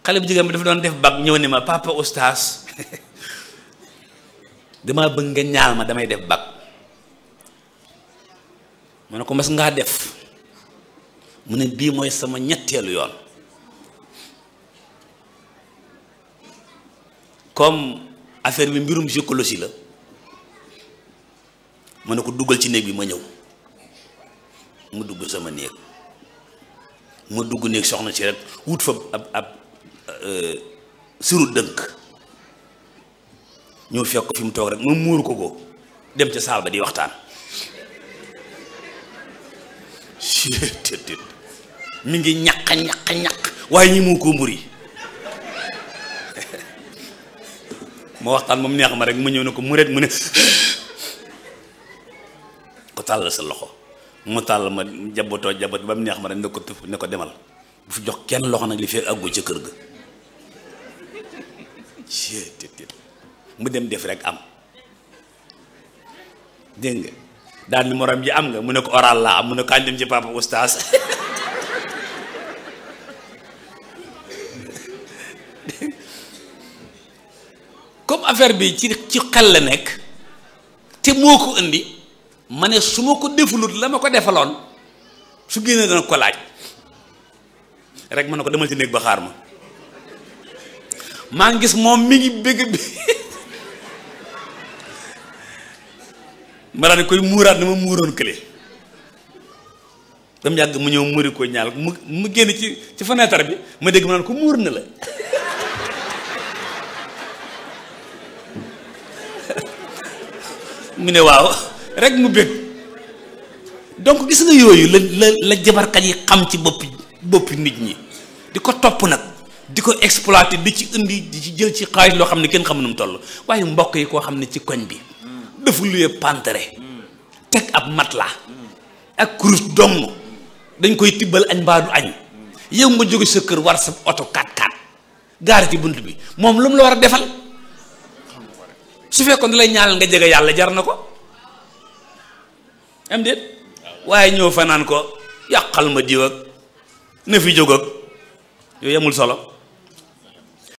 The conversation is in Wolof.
Kalau bu jigéen bi dafa doon def bag ma papa ustaz, dama bëgg nga ñaal ma damay def bag ma ne ko mas ngaa def mu ne bii mooy sama ñetteelu yoon comme affaire bi mbirum psychologie la duga ne ko duggal bi ma ñëw sama néeg ma dugg néeg soxna si rek ab ab Euh, suru dënk ñëw fekk ko fi mu toog rek ma muur ko ko dem ca saal ba di waxtaan mi ngi ñaq ñaq ñaq waaye ñi moo ko mburi ma waxtaan moom neex ma rek ma ñëw ne ko mu ret mu ne ko tàllal sa loxo mu tàll ma jabatoo jabat ba mu neex ma rek ne ko tëf ne ko demal bu fi jox kenn loxo nag li fekk àggu ca kër ga mu dem def rek am dégg nga daal ni morom ji am nga mu ne ko oral laa am mu ne ko añ dem ci papa oustaz comme affaire bii ci ci xel la nekk te moo ko indi ma ne su ma ko defulut la ma ko defaloon su génnee dana ko laaj rek ma ne ko demal ci néeg ba xaar ma mangis ngi gis moom mi ngi bëgg bi ma koy mourat dama mouron muuroon dam yag mu ñew muri ko ñaal mu mu ci ci fenêtre bi ma dégg ma ko mour na la mu ne waaw rek mu bëgg donc gis nga yoyu la jabar yi xam ci bop nit ñi di top nak diko exploiter di ci indi di ci jël ci xaliss lo xamni kenn xamnu nu mu toll waaye mbokk yi ko xamni ci koñ bi dafa luyee pantéré tek ab matla ak kurus dong dañ koy tibbal añ baadu du añ yow nga jóge sa kër warsa auto oto 4x4 gaar ci buntu bi mom lum la wara defal su fekkoon da lay ñaanal nga jege yalla jar nako am am waye waaye fa nan ko yakal ma diw ak ne fi jog ak yo yamul solo